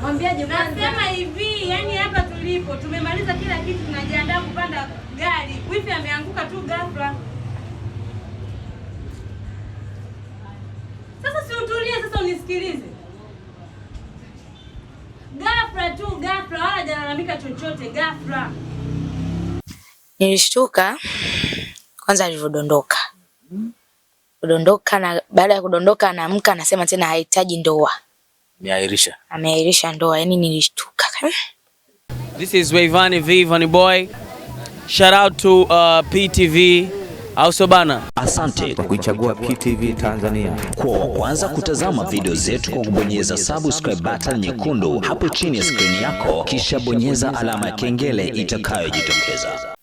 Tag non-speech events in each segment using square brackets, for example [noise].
Mwambiaje? Nasema hivi, yani hapa tulipo tumemaliza kila kitu, tunajiandaa kupanda gari, wifi ameanguka tu ghafla. Sasa si utulie, sasa unisikilize. Ghafla tu ghafla, wala jalalamika chochote, ghafla nilishtuka kwanza alivyodondoka kudondoka, na baada ya kudondoka anaamka anasema tena hahitaji ndoa Ameahirisha. Ameahirisha ndoa, yani nilishtuka. This is Wayvani V Vani boy. Shout out to uh, PTV. Also bana. Asante kwa kuichagua PTV Tanzania. Kwa wa kwanza kutazama video zetu kwa kubonyeza subscribe button nyekundu hapo chini ya screen yako, kisha bonyeza alama ya kengele itakayojitokeza.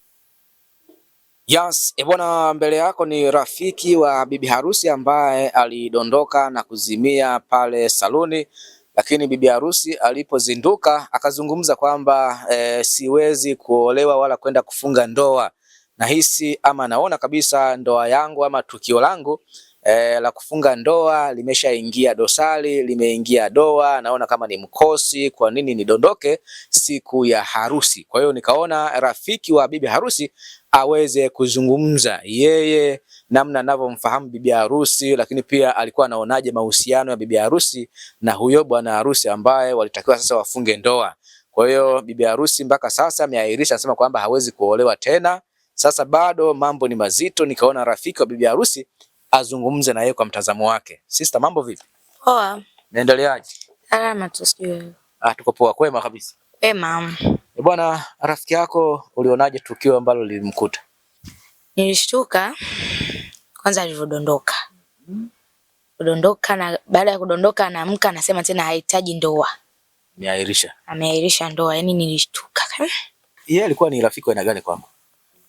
Yes, ebwana, mbele yako ni rafiki wa bibi harusi ambaye alidondoka na kuzimia pale saluni, lakini bibi harusi alipozinduka akazungumza kwamba e, siwezi kuolewa wala kwenda kufunga ndoa. Nahisi ama naona kabisa ndoa yangu ama tukio langu e, la kufunga ndoa limeshaingia dosari, limeingia doa, naona kama ni mkosi. Kwa nini nidondoke siku ya harusi? Kwa hiyo nikaona rafiki wa bibi harusi aweze kuzungumza yeye namna anavyomfahamu bibi harusi, lakini pia alikuwa anaonaje mahusiano ya bibi harusi na huyo bwana harusi ambaye walitakiwa sasa wafunge ndoa. Kwa hiyo bibi harusi mpaka sasa ameahirisha, anasema kwamba hawezi kuolewa tena. Sasa bado mambo ni mazito, nikaona rafiki wa bibi harusi azungumze na yeye kwa mtazamo wake. Sister, mambo vipi? Poa. Naendeleaje? Salama tu sijui. Ah, tuko poa kwema kabisa. mama. Bwana, rafiki yako ulionaje tukio ambalo lilimkuta? Nilishtuka kwanza alivyodondoka kudondoka na baada ya kudondoka anaamka anasema tena hahitaji ndoa. Ameahirisha. Ameahirisha ndoa. Yani nilishtuka. Yeye alikuwa ni rafiki wa aina gani kwako?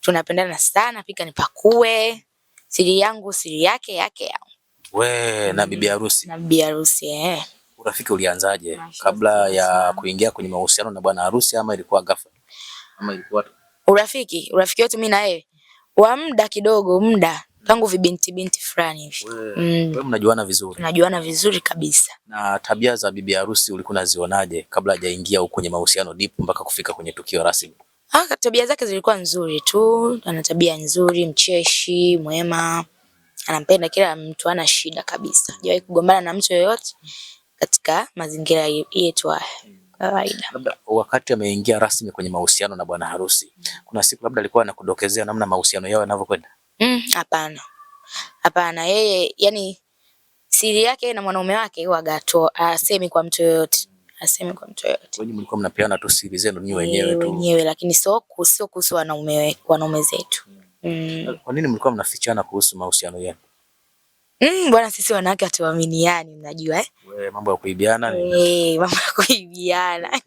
Tunapendana sana, pika nipakue. Siri yangu siri yake yake yao. We, na bibi harusi. Na bibi harusi eh urafiki ulianzaje kabla ya kuingia kwenye mahusiano na bwana harusi, ama ilikuwa ghafla ama ilikuwa urafiki? Urafiki wetu mimi na yeye wa muda kidogo, muda tangu vibinti binti fulani hivi. Wewe mm. mnajuana vizuri? Tunajuana vizuri kabisa. Na tabia za bibi harusi ulikuwa unazionaje kabla hajaingia huko kwenye mahusiano deep mpaka kufika kwenye tukio rasmi? Ah, tabia zake zilikuwa nzuri tu, ana tabia nzuri, mcheshi, mwema, anampenda kila mtu, ana shida kabisa, hajawahi kugombana na mtu yoyote katika mazingira yetu kawaida. Labda wakati ameingia rasmi kwenye mahusiano na bwana harusi, kuna siku labda alikuwa anakudokezea namna mahusiano yao yanavyokwenda? mm, hapana. Yeye yani siri yake na mwanaume wake huwa asemi kwa mtu yoyote asemi kwa mtu yoyote. Wenyewe mlikuwa mnapeana tu siri zenu nyinyi wenyewe tu wenyewe, lakini sio kuhusu wanaume wanaume zetu. Mm. Mm. Kwa nini mlikuwa mnafichana kuhusu mahusiano yenu? Mm, bwana sisi wanawake hatuaminiani mnajua eh? mambo ya kuibiana ni. Eh, mambo ya kuibiana.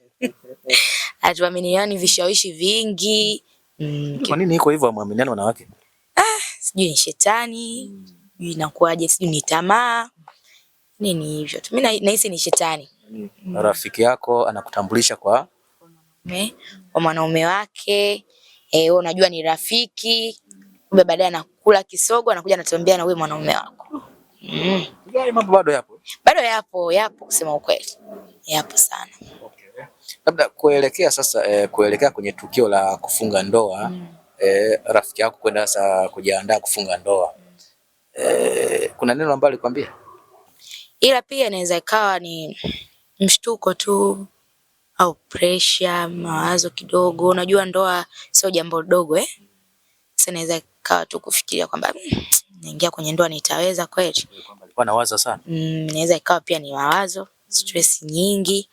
[laughs] Hatuaminiani vishawishi vingi. Mm. Kwa nini iko hivyo hamwaminiani wanawake? Ah, sijui ni shetani, mm. inakuaje, sijui ni tamaa. Nini hivyo tu. Mimi nahisi ni shetani. Mm. Rafiki yako anakutambulisha kwa eh, kwa mwanaume wake. Eh, unajua ni rafiki kumbe baadaye anakula kisogo, anakuja anatuambia na wewe mwanaume wako. Mm. Yaani mambo bado yapo. Bado yapo, yapo kusema ukweli. Yapo sana. Okay. Labda kuelekea sasa eh, kuelekea kwenye tukio la kufunga ndoa mm. eh, rafiki yako kwenda sasa kujiandaa kufunga ndoa. Eh, kuna neno ambalo alikwambia? Ila pia inaweza ikawa ni mshtuko tu au pressure, mawazo kidogo. Unajua ndoa sio jambo dogo eh? Sasa inaweza nikawa tu kufikiria kwamba hmm, naingia kwenye ndoa nitaweza kweli? Alikuwa anawaza sana. Mm, naweza ikawa pia ni mawazo, stress nyingi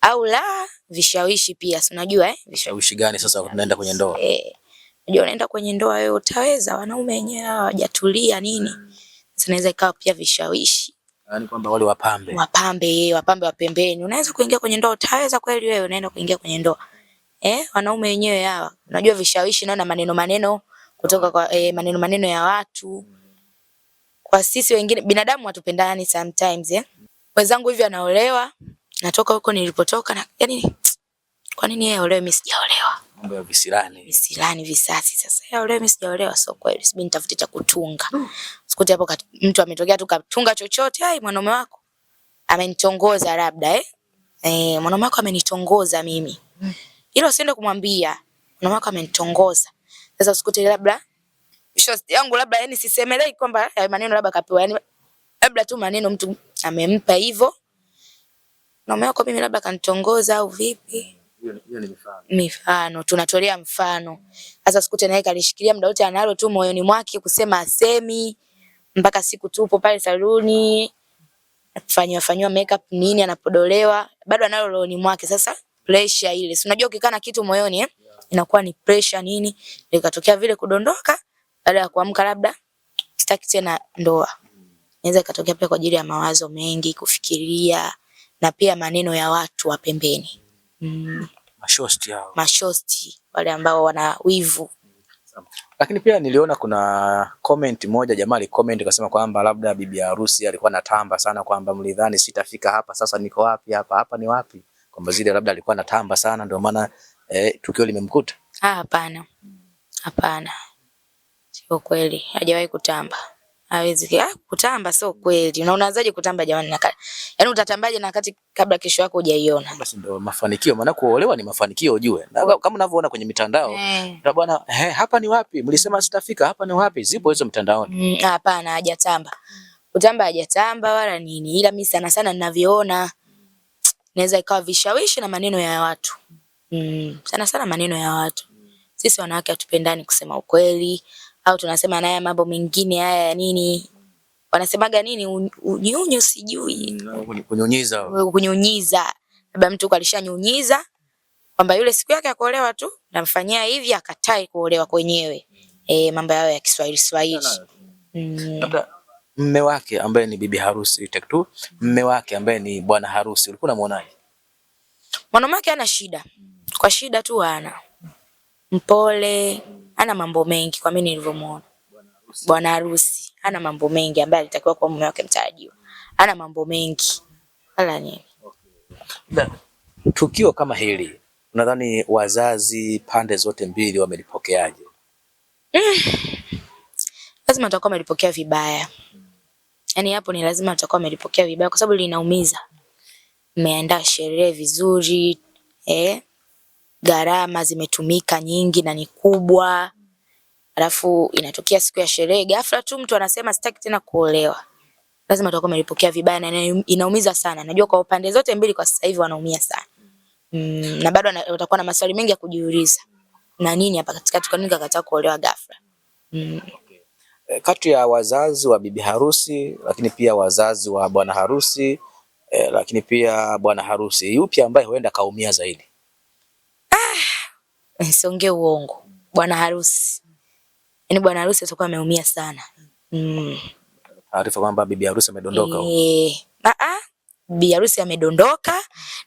au la vishawishi pia, si unajua eh? Vishawishi gani sasa unaenda kwenye ndoa? Eh. Unajua unaenda kwenye ndoa wewe utaweza, wanaume wenyewe hawajatulia nini? Sasa naweza ikawa pia vishawishi. Yaani kwamba wale wapambe. Wapambe yeye, wapambe wa pembeni. Unaweza kuingia kwenye ndoa, utaweza kweli wewe unaenda kuingia kwenye ndoa? Eh, wanaume wenyewe hawa. Unajua vishawishi nao na maneno maneno kutoka kwa eh, maneno maneno ya watu. Kwa sisi wengine binadamu hatupendani sometimes eh. Wenzangu hivi anaolewa, natoka huko nilipotoka na yani kwa nini yeye aolewe mimi sijaolewa? Mambo ya visirani. Visirani visasi sasa. Yeye aolewe mimi sijaolewa so kweli. Sibi nitafute cha kutunga. Mm. Sikuti hapo mtu ametokea tu katunga chochote, ai mwanaume wako amenitongoza labda eh. Eh, mwanaume wako amenitongoza mimi. Mm. Hilo usiende kumwambia. Mwanaume wako amenitongoza. Sasa usikute labda shosti yangu labda, yani sisemelei kwamba maneno labda kapewa, yani labda tu maneno mtu amempa hivyo na wako mimi labda kanitongoza au vipi. Hiyo ni mifano, mifano tunatolea mfano. Sasa sikute naye kalishikilia muda wote, analo tu moyoni mwake kusema asemi, mpaka siku tupo pale saluni afanywa fanywa makeup nini, anapodolewa bado analo rohoni mwake. Sasa pressure ile, si unajua ukikaa na kitu moyoni eh? inakuwa ni pressure nini, ndio ikatokea vile kudondoka baada ya kuamka, labda sitaki tena ndoa. Inaweza ikatokea pia kwa ajili ya mawazo mengi, kufikiria na pia maneno ya watu wa pembeni mm. Mashosti hao, mashosti wale ambao wana wivu. Lakini pia niliona kuna comment moja, jamaa alicomment akasema kwamba labda bibi harusi alikuwa anatamba sana kwamba mlidhani sitafika hapa, sasa niko wapi hapa, hapa ni wapi, kwamba zile labda alikuwa anatamba sana ndio maana eh, tukio limemkuta? Ah, Hapana, hapana, sio kweli, hajawahi kutamba. Hawezi Ah, kutamba, sio kweli. Na unaanzaje kutamba jamani? Na yaani utatambaje na kati kabla kesho yako hujaiona? Basi ndio mafanikio, maana kuolewa ni mafanikio ujue. Na kama unavyoona kwenye mitandao, hey, eh. na bwana, hey, eh, hapa ni wapi? Mlisema sitafika, hapa ni wapi? Zipo hizo mitandaoni. Mm, hapana, mm, hajatamba. Kutamba hajatamba wala nini. Ila mimi sana sana ninavyoona mm. naweza ikawa vishawishi na maneno ya watu. Mm, sana sana maneno ya watu. Sisi wanawake hatupendani kusema ukweli au tunasema naye mambo mengine haya ya nini wanasemaga nini, unyunyu sijui mm, kunyunyiza, kunyunyiza. Labda mtu kalishanyunyiza kwamba yule siku yake ya kuolewa tu namfanyia hivi, akatai kuolewa kwenyewe. E, mambo yao ya Kiswahili Swahili. Mm, Labda mme wake ambaye ni bibi harusi tu, mme wake ambaye ni bwana harusi, ulikuwa unamwonaje? Mwanamke ana shida kwa shida tu ana mpole, ana mambo mengi kwa mimi nilivyomuona. Bwana harusi ana mambo mengi, ambaye alitakiwa kuwa mume wake mtarajiwa, ana mambo mengi wala nini. Okay. Tukio kama hili unadhani wazazi pande zote mbili wamelipokeaje? [sighs] Lazima atakuwa amelipokea vibaya, yaani hapo ni lazima atakuwa amelipokea vibaya, kwa sababu linaumiza. Mmeandaa sherehe vizuri eh, gharama zimetumika nyingi na ni kubwa, alafu inatokea siku ya sherehe ghafla tu mtu anasema sitaki tena kuolewa, lazima utakuwa umelipokea vibaya na inaumiza sana. Najua kwa upande zote mbili kwa sasa hivi wanaumia sana mm, na bado watakuwa na maswali mengi ya kujiuliza, na nini hapa katikati, kwa nini kakataa kuolewa ghafla mm. Eh, kati ya wazazi wa bibi harusi lakini pia wazazi wa bwana harusi eh, lakini pia bwana harusi, yupi ambaye huenda kaumia zaidi? eh, siongee uongo, bwana harusi yaani bwana harusi atakuwa ameumia sana mm. Taarifa kwamba bibi harusi amedondoka eh, bibi harusi amedondoka,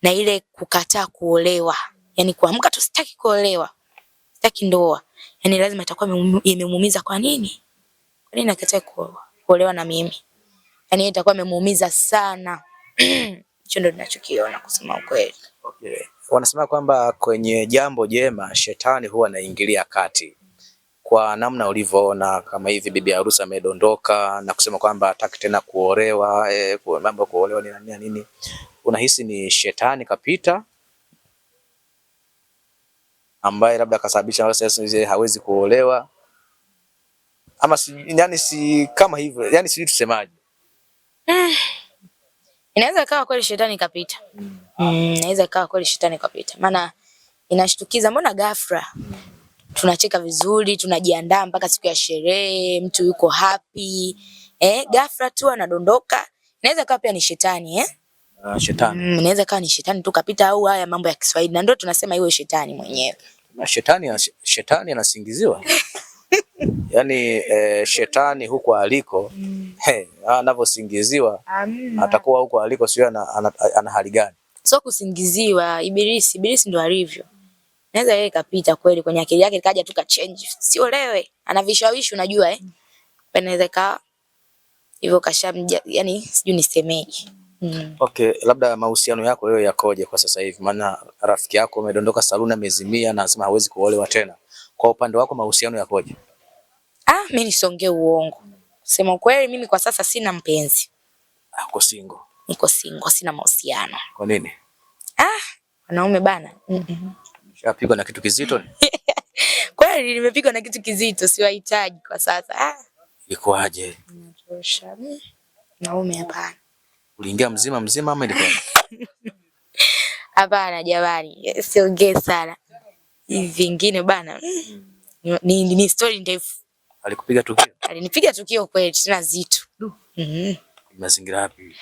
na ile kukataa kuolewa, yaani kuamka tu sitaki kuolewa, sitaki ndoa, yaani lazima itakuwa imemuumiza. Kwa nini? Kwa nini nakataa kuolewa, kuolewa na mimi? Yaani itakuwa imemuumiza sana [clears throat] hicho ndio ninachokiona kusema ukweli. Okay. Wanasema kwamba kwenye jambo jema shetani huwa anaingilia kati. Kwa namna ulivyoona kama hivi, bibi harusi amedondoka na kusema kwamba hataki tena kuolewa, eh, mambo kuolewa ni nani nini, unahisi ni shetani kapita ambaye labda akasababisha hawezi kuolewa ama si, yani si kama hivyo yani sijui tusemaje? Eh, Inaweza ikawa kweli shetani kapita. Mm. mm. Inaweza ikawa kweli shetani kapita. Maana inashtukiza mbona ghafla. Tunacheka vizuri, tunajiandaa mpaka siku ya sherehe, mtu yuko happy. Eh, ghafla tu anadondoka. Inaweza ikawa pia ni shetani, eh? Uh, shetani. Mm, inaweza kawa ni shetani tu kapita au haya mambo ya Kiswahili. Na ndio tunasema iwe shetani mwenyewe. Na shetani shetani anasingiziwa. [laughs] yani eh, shetani huko aliko mm. hey, anavyosingiziwa atakuwa huko aliko sio ana, ana, ana hali gani? Sio kusingiziwa, ibilisi ibilisi ndo alivyo. Naweza yeye kapita kweli kwenye akili yake kaja tu ka change, sio lewe, anavishawishi, unajua eh, panaweza ka hivyo kasha, yani sijui nisemeje. Mm. Okay, labda mahusiano yako wewe yakoje kwa sasa hivi? Maana rafiki yako amedondoka saluni, amezimia na anasema hawezi kuolewa tena. Kwa upande wako mahusiano yakoje? Ah, mimi nisongee uongo. Sema kweli mimi kwa sasa sina mpenzi. Ah, uko single. Niko single, sina mahusiano. Kwa nini? Ah, wanaume bana. Mm -mm. Shapigwa na kitu kizito? [laughs] Kweli nimepigwa na kitu kizito, siwahitaji kwa sasa. Ah. Ilikuwaje? Inatosha. Hmm, Naume hapana. Uliingia mzima mzima ama ilikuwa? [laughs] Hapana jamani, siongee sana. Hivi vingine bana. Hmm, ni ni story ndefu. Alikupiga tukio? Alinipiga tukio kweli, tena zito. Mm Mazingira yapi?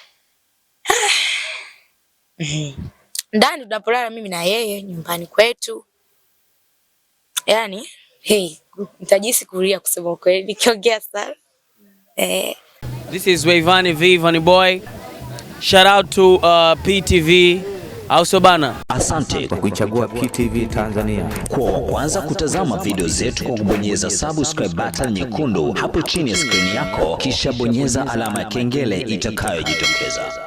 Mhm. [sighs] Ndani tunapolala mimi na yeye nyumbani kwetu. Yaani, hey, nitajisi kulia kusema kweli nikiongea sana. Eh. This is Wayvani V, Vani Boy. Shout out to uh, PTV au sio bana? Asante kwa kuichagua PTV Tanzania. kwa wa kwanza kutazama video zetu kwa kubonyeza subscribe button nyekundu hapo chini ya skrini yako, kisha bonyeza alama ya kengele itakayojitokeza.